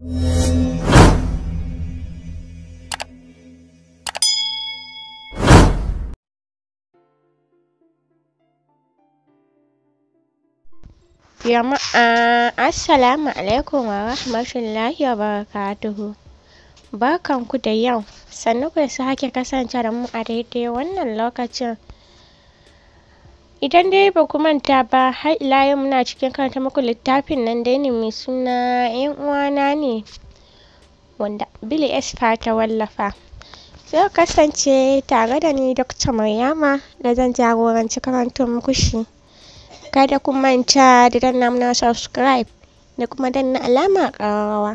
Jama'a Assalamu alaikum wa rahmatullahi wa barakatuhu. Barkanku da yau, sannu ku da sake kasance da mu a daidai wannan lokacin. idan dai ba ku manta ba har ila yau muna cikin karanta muku littafin nan dai ne mai suna yan uwana ne wanda Billy Esper ta wallafa sai kasance tare da ni Dr. Maryama da zan jagoranci karanto muku shi kada ku manta da danna muna subscribe da kuma danna alama ƙararrawa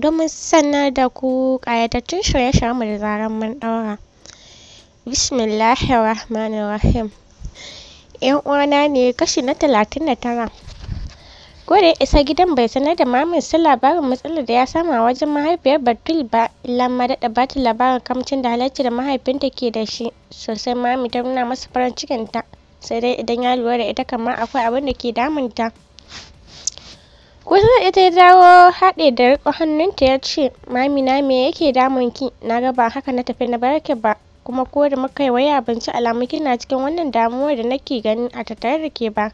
domin sanar da ku ƙayatattun shirye mu da zarar mun ɗaura bismillahirrahmanirrahim 'yan uwana ne kashi na talatin da tara ya isa gidan bai sanar da mamin su labarin matsalar da ya sama wajen mahaifiyar Batul ba illa ma daɗa ba ta labarin kamcin da halarci da mahaifinta ke da shi sosai mami ta nuna masa farin cikin ta sai dai idan ya lura da ita kama akwai abin da ke damunta. Kusa ita ya dawo haɗe da riƙo hannunta ya ce mami na me yake damun ki na ga ba haka na tafi na barke ba kuma ko da muka yi waya ban ci alamu kina cikin wannan damuwar da nake gani a tattare da ke ba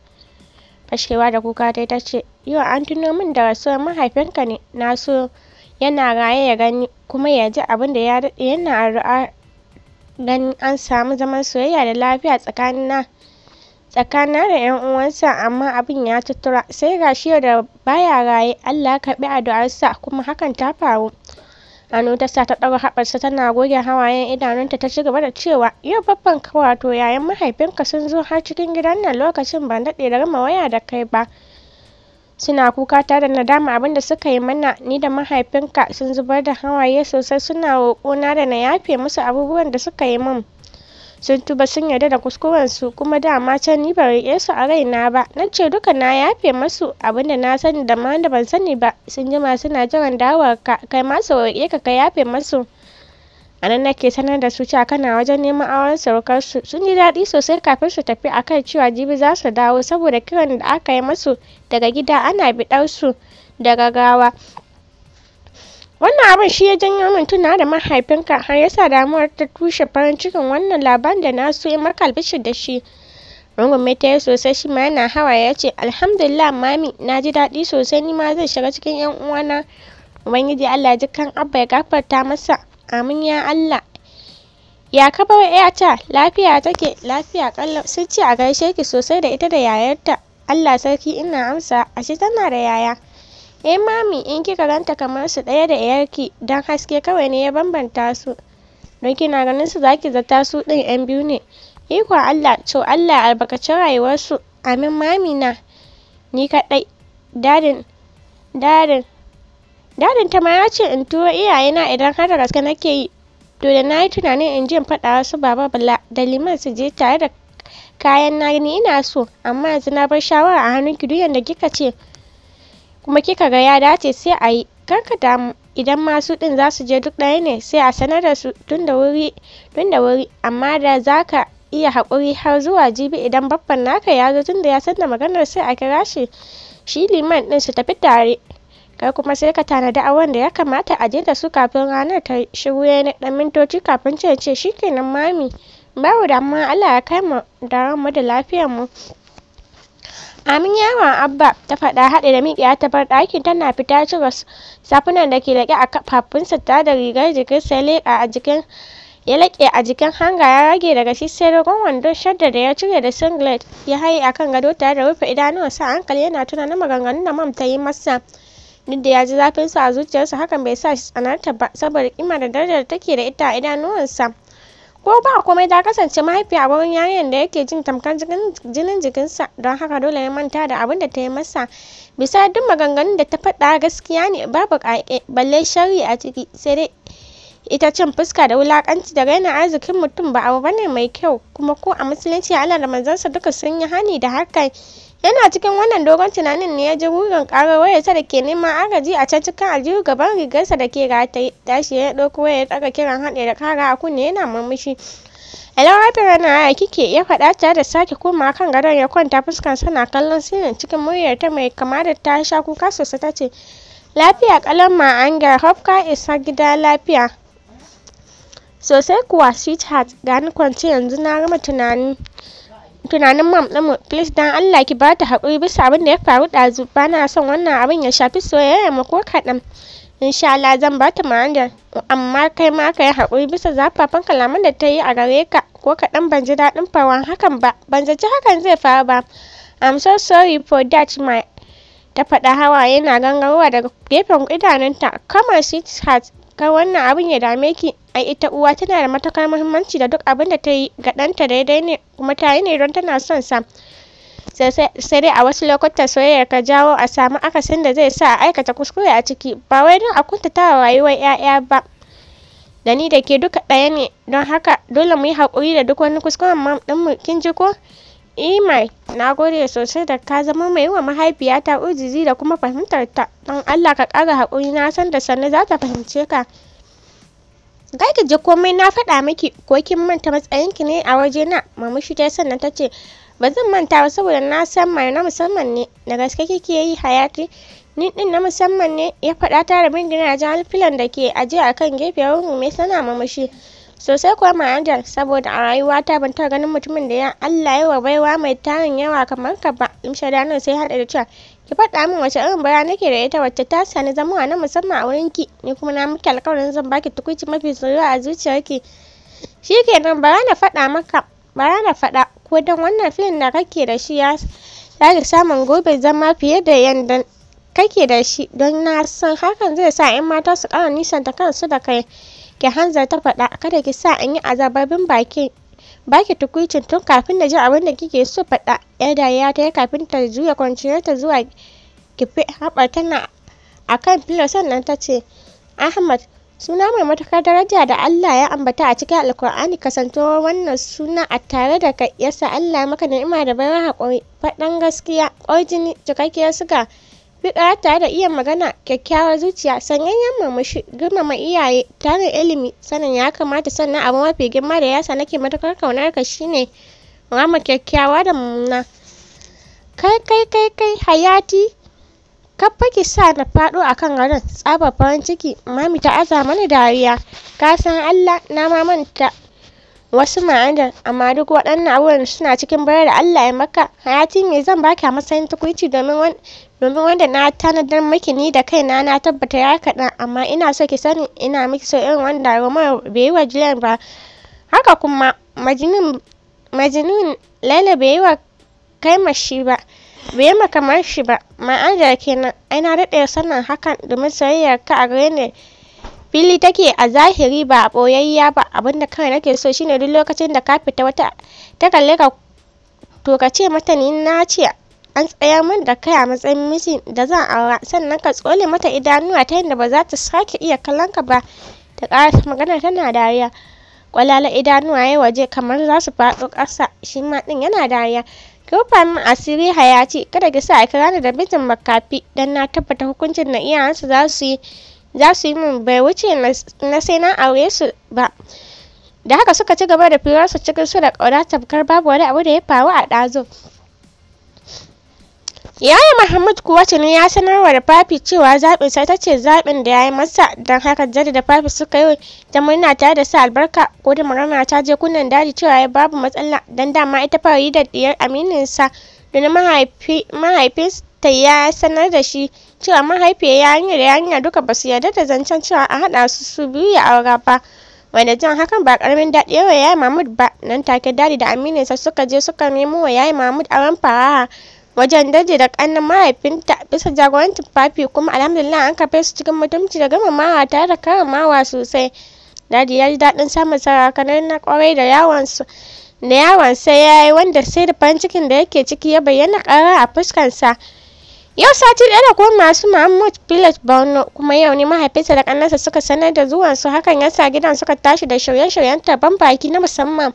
fashewa da kuka dai ta ce yau an tuno min da rasuwar mahaifinka ne na so yana raye ya gani kuma ya ji abin da ya daɗe yana ar'a ganin an samu zaman soyayya da lafiya tsakanina da yan uwansa amma abin ya tuttura sai gashi yau da baya raye Allah ya karɓi addu'arsa kuma hakan ta faru hannu ta sa ta ɗaura haɓarsa tana goge hawayen idanunta ta ci gaba da cewa yau babban wato yayan mahaifinka sun zo har cikin gidan nan lokacin ban daɗe da rama waya da kai ba suna kuka ta da nadama abinda suka yi mana ni da mahaifinka sun zubar da hawaye sosai suna roƙona da na yafe musu abubuwan da suka yi mun sun tuba sun yarda da kuskurensu kuma dama can ni ba riƙe su a raina ba na ce duka na yafe masu abinda na sani da ma da ban sani ba sun jima suna jiran ka kai ma su roƙe ka ka yafe masu a nan nake sanar da su cewa kana wajen neman auren su sun ji daɗi sosai kafin su tafi akan cewa jibi za su dawo saboda kiran da aka yi masu daga gida ana biɗar su gawa. gawa Wannan abin shi ya janyo min tuna da mahaifinka har ya sa damuwar ta tushe farin cikin wannan labarin da na so in albishir da shi. Rungume ta yi sosai shi ma yana hawa ya ce alhamdulillah mami na ji daɗi sosai ni ma zai shiga cikin 'yan uwana. Ubangiji Allah ji kan abba ya gafarta masa amin ya Allah. Ya ka ‘yata lafiya take lafiya kalla sun ce a gaishe ki sosai da ita da yayarta Allah sarki ina amsa ashe tana da yaya. eh mami in kika ranta kamar su ɗaya da yarki don haske kawai ne ya bambanta su don kina ganin su zaki zata su ɗin yan biyu ne ikon Allah to Allah albarkacin rayuwarsu amin mami na ni kaɗai dadin dadin dadin ta ma ya ce in turo iyayena idan har da gaske nake yi to da na yi tunanin in je in faɗa wasu baba bala da liman su je tare da kayan na ni ina so amma yanzu na bar shawara a hannunki duk yadda kika ce kuma kika ga ya dace sai a yi karka damu idan masu din ɗin za su je duk ɗaya ne sai a sanar da su tun da wuri tun da wuri amma da za ka iya haƙuri har zuwa jibi idan babban naka ya zo tun da ya san da maganar sai a kira shi shi liman din su tafi tare kai kuma sai ka tanadi awon da ya kamata a je da su kafin ranar ta shigo ya ne dan mintoci kafin ce ce shikenan mami da amma Allah ya kai mu da mu da lafiyar mu Amin yaron Abba ta faɗa haɗe da miƙe ta bar ɗakin tana fita cire safunan da ke laƙe a kafafunsa ta da rigar jikinsa ya leƙa a jikin ya laƙe a jikin hanga ya rage daga shi sai dogon wando shadda da ya cire da singlet ya haye kan gado tare da rufe idanuwansa a hankali yana na maganganun da mam ta yi masa duk da ya ji zafinsa a zuciyarsa hakan bai sa shi tsanarta ba saboda kima da darajar da take da ita a idanuwansa ko ba komai ta kasance mahaifiya a wurin yarinyar da yake jin tamkar jinin jikinsa don haka dole ya manta da abin da ta yi masa bisa duk maganganun da ta faɗa gaskiya ne babu ƙaƙe balle shari a ciki sai dai ita cin fuska da wulakanci da raina arzikin mutum ba abu bane mai kyau kuma ko a musulunci Allah da manzansa duka sun yi hani da hakan yana cikin wannan dogon tunanin ne ya ji rurin karar wayarsa da ke neman agaji a can cikin aljihu gaban rigarsa da ke rataye tashi ya ɗauko ya ɗaga kiran haɗe da kara a kunne yana murmushi Hello Rabi Rana ya kike ya faɗa ta da sake koma kan gadon ya kwanta fuskan sana kallon sinin cikin muryar ta mai kama da ta sha kuka sosai ta ce lafiya kalan ma an ga hafka isa gida lafiya sosai kuwa sweetheart ga ni kwance yanzu na gama tunani tunanin mam mu please dan Allah ki bata haƙuri bisa abin da ya faru ɗazu bana na son wannan abin ya shafi soyayya mu ko kaɗan insha Allah zan bata ma'anar amma kai ma ka yi haƙuri bisa zafafan kalaman da ta yi a gare ka ko kaɗan ban ji daɗin fawan hakan ba ban zaci hakan zai faru ba I'm so sorry for that my ta faɗa hawa yana gangarwa daga gefen idanunta kama sweet heart kar wannan abin ya dame ki a ita uwa tana da matukar muhimmanci da duk abin da ta yi ga ɗanta daidai ne kuma ta yi ne don tana son sa sai dai a wasu lokutan soyayyar ka jawo a samu akasin da zai sa a aikata kuskure a ciki ba wai don a kuntata wa rayuwar 'ya'ya ba da ni da ke duka ɗaya ne don haka dole mu yi haƙuri da duk wani kuskuren mam mu kin ji ko e na gode sosai da ka zama mai wa mahaifiyata ujizi da kuma fahimtar ta. Don Allah ka ƙara haƙuri na san da sannu za ta fahimce ka. Ga ki ji komai na faɗa miki ko kin manta matsayinki ne a waje na Mamushi ta sannan ta ce ba zan manta ba saboda na san mai na musamman ne da gaske kike yi hayati. Ni din na musamman ne ya faɗa ta rabin gina jan alfilan da ke aje a kan gefe wurin mai sana mamushi. Sosai kuwa ma'anar, saboda a rayuwa ta ban taɓa ganin mutumin da ya Allah ya wa baiwa mai tarin yawa kamar ka ba. nan sai haɗa da cewa, ki faɗa min wace irin baya nake da ita wacce ta sani zama na musamman a wurin ki ni kuma na miki alƙawarin zan baki tukuici mafi tsoro a zuciyarki. Shi kenan bara na faɗa maka, bara na faɗa ko don wannan filin da kake da shi ya sake samun gobe zama fiye da yanda kake da shi don na san hakan zai sa 'yan mata su ƙara nisanta kansu da kai. ki hanzar ta faɗa kada ki sa an yi azababin bakin baki tukuicin tun kafin na ji abin da kike so faɗa yar ya ta yi kafin ta juya kwanciyarta zuwa kife haɓar tana a kan filo sannan ta ce ahmad suna mai matuƙar daraja da allah ya ambata a cikin alkur'ani kasantowar wannan suna a tare da ka yasa allah maka ni'ima da baiwar haƙuri faɗan gaskiya jini cikakkiyar suga Fiƙara tare da iya magana, kyakkyawar zuciya, yan murmushi, girmama iyaye, tarin ilimi, sanin ya kamata sannan abu mafi girma da yasa nake matukar kaunar ka shine rama kyakkyawa da mummuna. Kai kai kai kai hayati kaffa ki sa na faɗo a kan garin tsabar farin ciki mami ta aza mana dariya kasan Allah na ma manta wasu ma'adan amma duk waɗannan abubuwan suna cikin bayar da Allah ya maka hayati me zan baki a matsayin tukuici domin wanda na tanadar maki ni da kaina na tabbata ya kaɗan amma ina so ki sani ina miki so irin wanda Romeo bai yi wa Julian ba haka kuma majinun Majnun bai yi wa shi ba bai yi makamar shi ba ma'ajar kenan ai na daɗe sanin hakan domin soyayyar ka a gare ne. fili take a zahiri ba a ɓoyayya ba abinda kawai nake so shine duk lokacin da ka fita wata ta kalle ka to ka ce mata ni na ce an tsayar min da kai a matsayin mijin da zan aura sannan ka tsole mata idanuwa ta yadda ba za ta sake iya kallon ka ba ta ƙara magana tana dariya kwalala idanuwa ya waje kamar za su faɗo ƙasa shi ma ɗin yana dariya rufa min asiri haya ce kada ki sa a kira ni da mijin makafi don na tabbata hukuncin na iyayensu za su yi za su yi min bai wuce na sai na aure su ba da haka suka ci gaba da firarsu cikin su da ƙauna tamkar babu wani abu da ya faru a ɗazu yaya muhammad kuwa tuni ya sanarwa da fafi cewa zaɓin sai ta ce zaɓin da ya yi masa don haka jadi da fafi suka yi ta murna tare da sa albarka ko da murna ta je kunnen daji cewa ya babu matsala don dama ita fara yi da diyar aminin sa don mahaifinsa ya sanar da shi cewa mahaifiyar yarinyar da yarinyar duka ba su yarda da zancen cewa a haɗa su su biyu ya aura ba wanda jan hakan ba karamin daɗi yawa yayi Mahmud ba nan take dadi da amininsa suka je suka nemo wa yayi Mahmud auren fara wajen daji da ƙannan mahaifinta bisa jagorancin papi kuma alhamdulillah an kafe su cikin mutumci da gama tare da karamawa sosai dadi ya ji daɗin samun sarakanar na kwarai da yawansu da yawan sai ya yi wanda sai da farin cikin da yake ciki ya bayyana ƙara a fuskansa. Yau sati ɗaya da kuma masu Mahmud Village Borno kuma yau ne mahaifinsa da ƙannansa suka sanar da zuwan su hakan ya sa gidan suka tashi da shirye shauyen taban baki na musamman.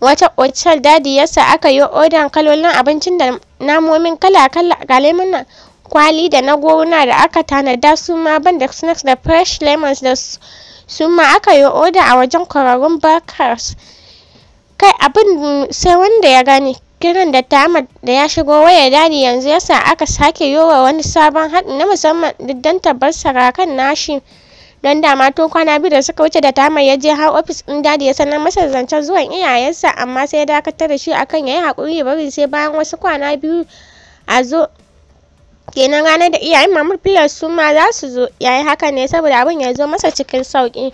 Wata otal dadi ya sa aka yi odan kalolin abincin da namomin kala-kala ga lemuna kwali da na gona da aka tanada su ma ban da snacks da fresh lemons da su ma aka yi oda a wajen kwararrun bakars Kai abin sai wanda ya gani. kiran da Ahmad da ya shigo waya Dadi yanzu yasa aka sake yowa wani sabon haɗi na musamman duk don tabbar sarakan nashi don dama tun kwana biyu da suka wuce da tama ya je har ofis din Dadi ya sanar masa zancen zuwan iyayensa amma sai ya dakatar da shi akan yayi hakuri bari sai bayan wasu kwana biyu a zo kenan ranar da iyayen Mamur filar su ma za su zo yayi haka ne saboda abin ya zo masa cikin sauƙi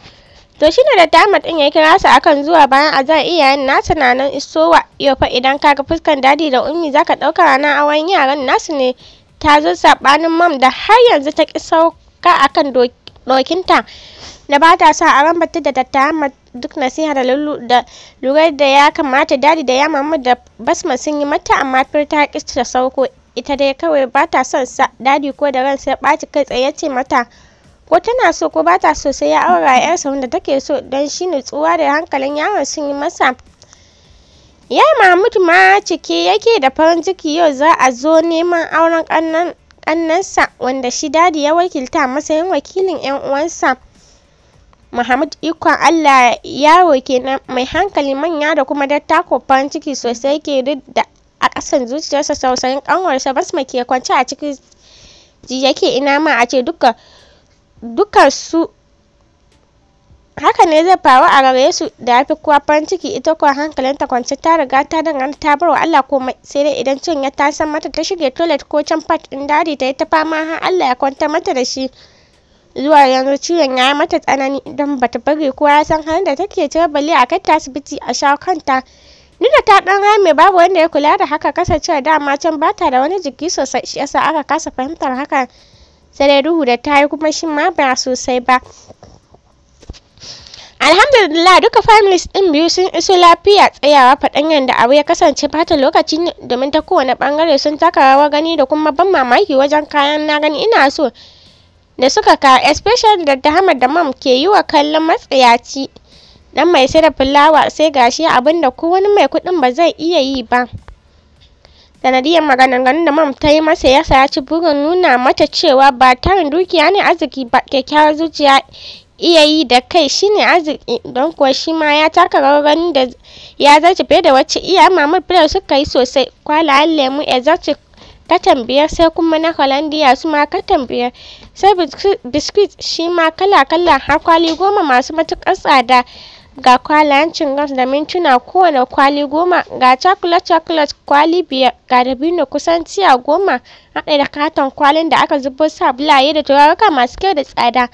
to shi da dama ɗin ya kira su akan zuwa bayan a zan yin nasu na nan isowa yau fa idan ka ga fuskan dadi da ummi za ka ɗauka rana a wani yaran nasu ne ta zo saɓanin mam da har yanzu ta ƙi sauka akan dokinta da ba ta sa a rambata da tattama duk nasiha da lullu da lura da ya kamata dadi da ya mamu da basma sun yi mata amma fita ta ta sauko ita dai kawai ba ta son sa dadi ko da ran sai ɓaci kai tsaye ce mata ko tana so ko ba ta so sai ya aura yarsa wanda take so don shi nutsuwa da hankalin yaron sun yi masa ya mahmud ma cike yake da farin ciki yau za a zo neman auren kannan kannansa wanda shi dadi ya wakilta masayin wakilin yan uwansa mahmud ikon Allah yaro kenan mai hankali manya da kuma dattako farin ciki sosai ke da a ƙasan zuciyarsa tausayin kanwarsa basma ke kwance a cikin ji yake ina ma a ce duka dukkansu haka ne zai faru a gare su da ya fi kuwa farin ciki ita kuwa hankalinta kwance ta riga ta dangana ta bar wa Allah komai sai dai idan cin ya san mata ta shige toilet ko can fat din dadi ta yi ta fama har Allah ya kwanta mata da shi zuwa yanzu ciwon ya mata tsanani don bata bari kowa ya san halin da take cire bali a kai ta asibiti a shawo kanta duk da ta dan rame babu wanda ya kula da haka kasancewa dama can bata da wani jiki sosai shi yasa aka kasa fahimtar hakan sai dai duhu da yi kuma shi ma ba sosai ba alhamdulillah duka families din biyu sun iso lafiya tsayawa faɗan yadda abu ya kasance fata lokaci domin ta kowane bangare sun taka rawa gani da kuma ban mamaki wajen kayan na gani ina so da suka ka especially da Hamad da mam ke yi wa kallon matsayaci dan mai sai da fulawa sai gashi abinda ko wani mai kuɗin ba zai iya yi ba sanadiyar maganganun da mam ta yi masa yasa ya ci burin nuna mata cewa ba tarin dukiya ne arziki ba kyakkyawar zuciya iya yi da kai shine arziki don kuwa shi ma ya taka rawar da ya zarce fiye da wacce iya mamar bilar suka yi sosai kwalayen lemu ya zarce katan biyar sai kuma na hollandia su ma katan biyar sai biskit shi ma kala-kala har kwali goma masu matuƙar tsada ga kwalayen gas da mintuna kowane kwali goma, ga chocolate-chocolate kwali biyar, ga dabino kusan tiya goma haɗe da katon kwalin da aka zubo sabulaye da turaruka masu kyau da tsada.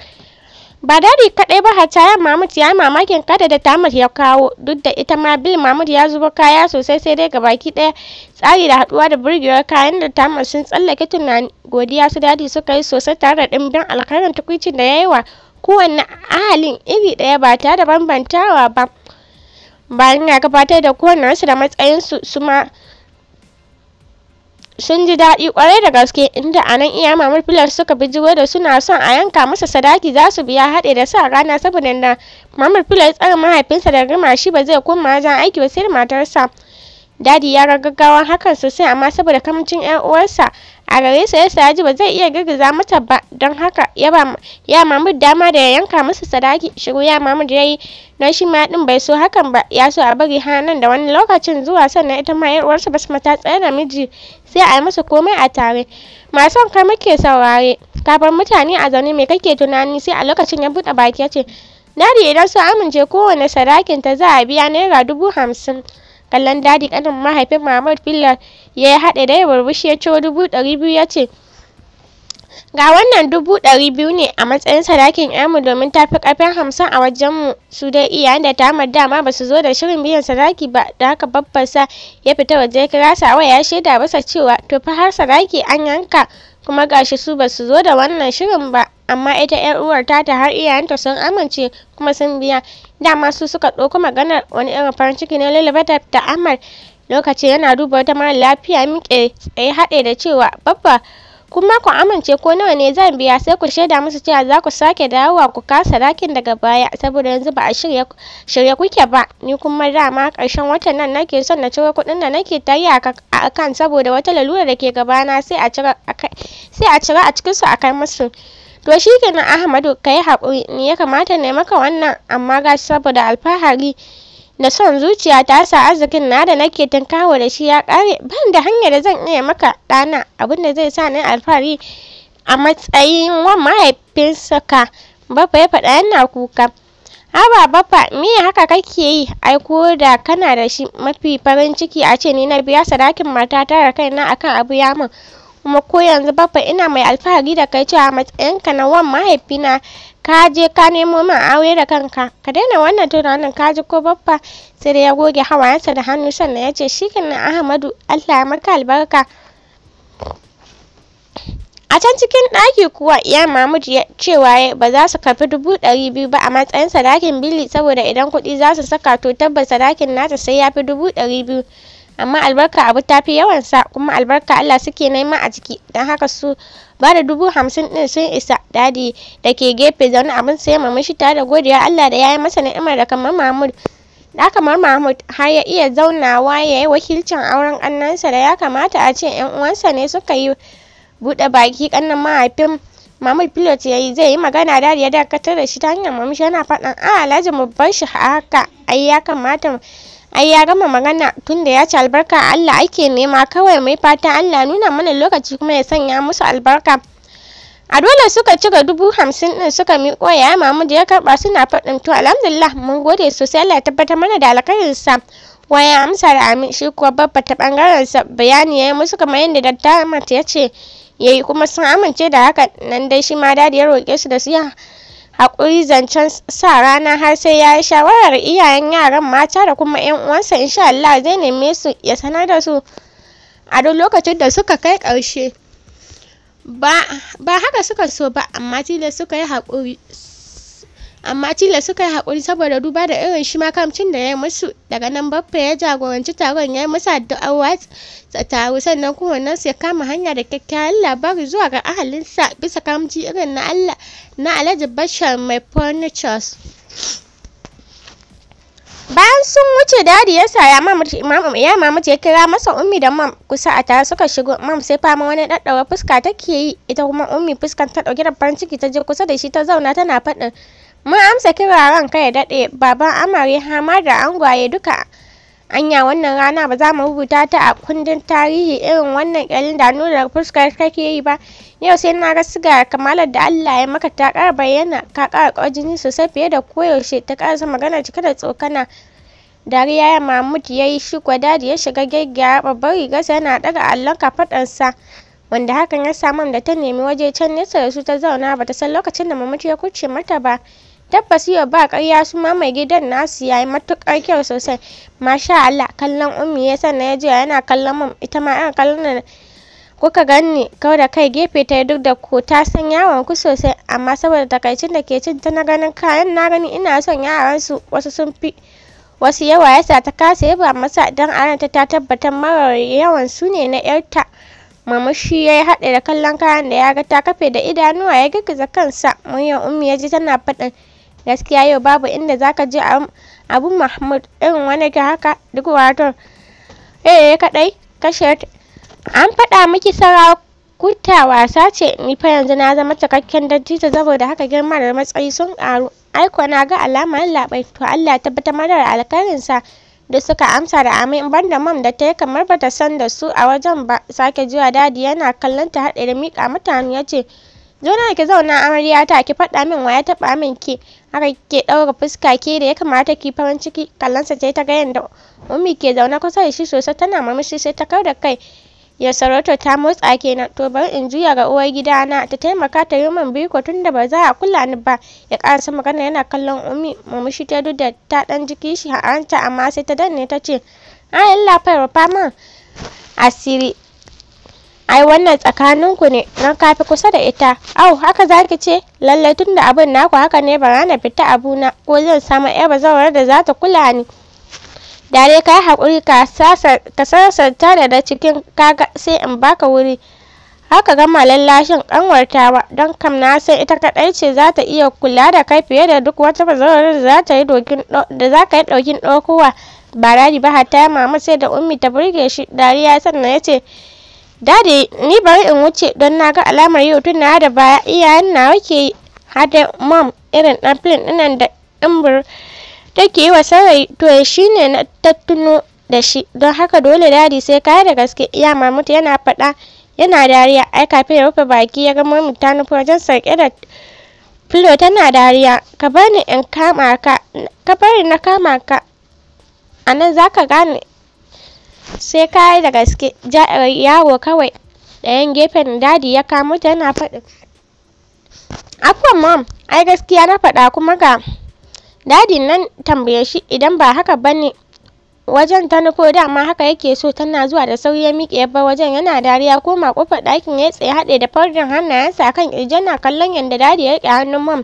Ba dadi kaɗai ba hatta yan mamut ya yi mamakin kada da Tamar ya kawo duk da ita ma bil Mahmud ya zuba kaya sosai sai dai baki ɗaya tsari da haɗuwa da burgewar kayan da Tamar sun tsallake tunani godiya su dadi suka yi sosai tare da ɗimbin alkhairin tukwicin da ya yi wa kowanne ahalin iri ɗaya ba tare da bambantawa ba bayan ya gabatar da kowanne su da matsayin su ma sun ji daɗi ƙwarai da gaske inda a nan iya mamar filar suka bijiro da suna son a yanka masa sadaki za su biya haɗe da sa rana saboda na mamar filar tsarin mahaifinsa da rima shi ba zai koma wajen aiki ba sai da matarsa dadi ya gaggawa hakan sosai amma saboda kamcin 'yan uwarsa a gare sa ya saji ba zai iya girgiza mata ba don haka ya ba dama da ya yanka masa sadaki shigo ya ya yayi na shi ma din bai so hakan ba ya so a bari hannun da wani lokacin zuwa sannan ita ma yar sa su mata tsaya da miji sai a yi masa komai a tare masu kai muke saurare kafin mutane a zaune mai kake tunani sai a lokacin ya buɗe baki ya ce Dadi idan su amince kowane sadakin ta za a biya naira dubu hamsin. kallon dadi kanin mahaifin Muhammad Fillar ya yi haɗe da ya burbushi ya ciro dubu ɗari biyu ya ce ga wannan dubu ɗari biyu ne a matsayin sadakin yamu domin ta fi ƙarfin hamsin a wajenmu su dai iyayen da ta dama ba su zo da shirin biyan sadaki ba da haka babbarsa ya fita waje kira sa ya shaida masa cewa to fa har sadaki an yanka kuma gashi su basu zo da wannan shirin ba amma ita yar uwar tata har iyayenta sun amince kuma sun biya dama su suka ɗauko maganar wani irin farin ciki ne lalabata ta amar lokaci yana duba wata mara lafiya miƙe tsaye haɗe da cewa babba kuma ku amince ko nawa ne zan biya sai ku shaida musu cewa za ku sake dawowa ku kasa rakin daga baya saboda yanzu ba a shirya shirye kuke ba ni kuma dama karshen watan nan nake son na ciro kuɗin da nake tayi a kan saboda wata lalura da ke gaba na sai a cira a cikin su a kai musu to shikenan Ahmadu kai haƙuri ni ya kamata na maka wannan amma ga saboda alfahari da son zuciya ta sa arzikin na da nake kawo da shi ya kare ban da hanyar da zan iya maka ɗana abinda zai sa ni alfahari a matsayin wa mahaifinsa ka baffa ya faɗa yana kuka haba bafa me haka kake yi ai ko da kana da shi mafi farin ciki a ce ni na biya sadakin mata tara kaina akan abu ya min kuma ko yanzu baffa ina mai alfahari da kai cewa matsayinka na wan mahaifina ka je ka nemo min aure da kanka ka daina wannan tunanin ka ji ko baffa sai da ya goge hawayensa da hannu sannan ya ce shikenan ahmadu allah ya maka albarka a can cikin ɗaki kuwa iya mahmud ya cewa ba za su kafi dubu ɗari biyu ba a matsayin sadakin bili saboda idan kuɗi za su saka to tabbas sadakin nata sai ya fi dubu ɗari biyu amma albarka abu ta fi yawansa kuma albarka Allah suke nema a ciki don haka su ba da dubu hamsin din sun isa dadi da ke gefe zaune abin sai shi tare da godiya Allah da ya yi masa ni'imar da kamar Mahmud da kamar Mahmud har ya iya zaunawa ya yi wakilcin auren ƙannansa da ya kamata a ce 'yan uwansa ne suka yi buɗe baki ƙannan mahaifin Mahmud Pilot ya yi zai yi magana da ya dakatar da shi ta hanyar shi yana faɗan. a alhaji mu bar shi haka ai ya kamata ai ya gama magana tunda ya ci albarka Allah ake nema kawai mai fata Allah nuna mana lokaci kuma ya sanya musu albarka a dole suka ci ga dubu hamsin din suka miƙo ya da ya karɓa suna faɗin to alhamdulillah mun gode sosai Allah ya tabbatar mana da alkhairinsa waya amsa da amin shi kuwa babba ta ɓangarensa bayani ya yi musu kamar yadda dattawa mata ya ce ya yi kuma sun amince da haka nan dai shi ma dadi ya roƙe su da su hakuri zancen sa rana har sai ya yi shawarar iyayen yaran mata da kuma 'yan uwansa insha Allah zai neme su ya sanar da su a duk lokacin da suka kai ƙarshe ba haka suka so ba amma tilas suka yi haƙuri amma tilas suka yi haƙuri saboda duba da irin shi makamcin da ya yi musu daga nan baffa ya jagoranci taron ya yi musu addu'ar taro sannan kuma nan ya kama hanya da kyakkyawan labari zuwa ga ahalinsa bisa kamci irin na Allah na Alhaji Bashar mai furnitures. bayan sun wuce dadi ya sa ya mamata ya kira masa ummi da mam kusa a tare suka shigo mam sai fama wani daddawa fuska take yi ita kuma ummi fuskan ta ɗauki da farin ciki ta je kusa da shi ta zauna tana faɗin mun amsa kira kiraren ya daɗe baban amare hama da angwaye duka anya wannan rana ba za mu rubuta ta a kundin tarihi irin wannan kyalin da nuna fuskar kake yi ba yau sai na ga siga kamalar da Allah ya maka ta ƙara bayyana ka ƙara ƙwajini sosai fiye da koyaushe ta sa magana cike da tsokana dariya ya mahmud ya yi shi da ya shiga gyaggyara babbar rigarsa yana ɗaga allon sa. wanda hakan ya samu da ta nemi waje can nesa da su ta zauna ba ta san lokacin da mamaci ya kuce mata ba tabbas yau ba karya su ma mai gidan nasu ya yi matukar kyau sosai masha Allah kallon ummi ya sanna ya juya yana kallon mu ita ma yana kallon da kuka gani kau da kai gefe ta duk da ko ta san yawon ku sosai amma saboda takaicin da ke cin ta na ganin kayan na gani ina son yawon su wasu sun fi wasu yawa yasa ta kasa yaba masa dan aranta ta tabbatar marar yawan su ne na yarta mamashi ya yi haɗe da kallon kayan da ya ga ta kafe da idanuwa ya girgiza kansa muryar ummi ya ji tana faɗin gaskiya yau babu inda zaka ji abu mahmud irin wani ta haka duk wato eh kadai kashe an faɗa miki sarakuta wasa ce ni fa yanzu na zama cikakken dattijo saboda haka girma da matsayi sun ƙaru aiko na ga alamar labai to Allah ya tabbatar mana da alkarinsa da suka amsa da amai banda mam da ta yi kamar bata san da su a wajen ba sake jiwa dadi yana kallon ta haɗe da miƙa mutane ya ce zo na ki zauna amarya ta ki faɗa min waya taɓa min ki haka ke ɗaura fuska ke da ya kamata ki farin ciki kallonsa sai ta ga yanda ummi ke zaune kusa da shi sosai tana murmushi sai ta kar da kai ya sarauta ta motsa kenan to bari in juya ga uwar na ta taimaka ta yi min biko tun da ba za a kula ni ba ya karasa magana yana kallon ummi murmushi ta duk da ta ɗan jiki shi a amma sai ta danne ta ce ayin lafiyar fama asiri ai wannan tsakaninku ne don fi kusa da ita au haka za ki ce lallai tun da abin naku haka ne ba na fita abuna ko zan samu yar bazawarar da za ta kula ni da dai ka yi haƙuri ka sassanta da da cikin kaga sai in baka wuri haka gama lallashin ƙanwartawa don kam na san ita kaɗai ce za ta iya kula da kai fiye da duk wata bazawar da za ta da za ka yi ɗaukin ɗaukowa ba rari ba hatta mama sai da ummi ta burge shi dariya sannan ya ce dadi ni bari in wuce don na ga alamar yau na da baya iyayen na wake hada mom irin dan filin nan da ɗimbir take yi wa sarai to ya shine na tattuno da shi don haka dole dadi sai kaya da gaske iya mamutu yana faɗa yana dariya ai kafin ya rufe baki ya ga mamu ta nufi wajen sarƙe da filo tana dariya ka bani in kama ka ka bari na kama ka a nan za gane sai ka da gaske eh, yaro kawai ɗayan gefen dadi ya kamo ta yana faɗin Akwai mom ai gaskiya na faɗa kuma ga dadi nan tambaye shi idan ba haka bane wajen ta nufo dama haka yake so tana zuwa da sauri ya miƙe ba wajen yana dariya koma kofar ɗakin ya tsaye haɗe da fardin hannayensa akan ƙirji na kallon yadda dadi ya riƙe hannun mom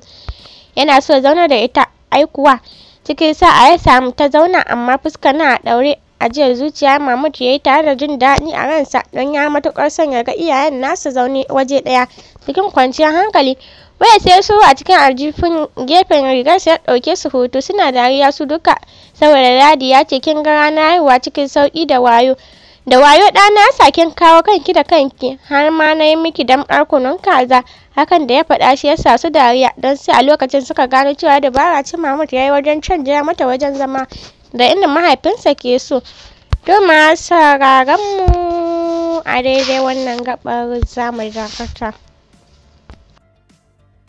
yana so zauna da ita aikuwa cikin sa'a ya samu ta zauna amma fuska na a ɗaure ajiyar zuciya Mahmud ya yi tare da jin daɗi a ransa don ya matuƙar son ya ga iyayen nasa zaune waje ɗaya cikin kwanciyar hankali. Waya sai su a cikin aljifin gefen rigarsa ya ɗauke su hoto suna dariya su duka saboda Ladi ya ce kin ga rana haihuwa cikin sauƙi da wayo. Da wayo ɗana sakin kin kawo kanki da kanki har ma na yi miki damƙar kunun kaza hakan da ya faɗa shi ya sa su dariya don sai a lokacin suka gano cewa dabara ce Mahmud ya yi wajen canja mata wajen zama da inda mahaifinsa ke so domin sauraronmu a daidai wannan gaɓar zamu dakata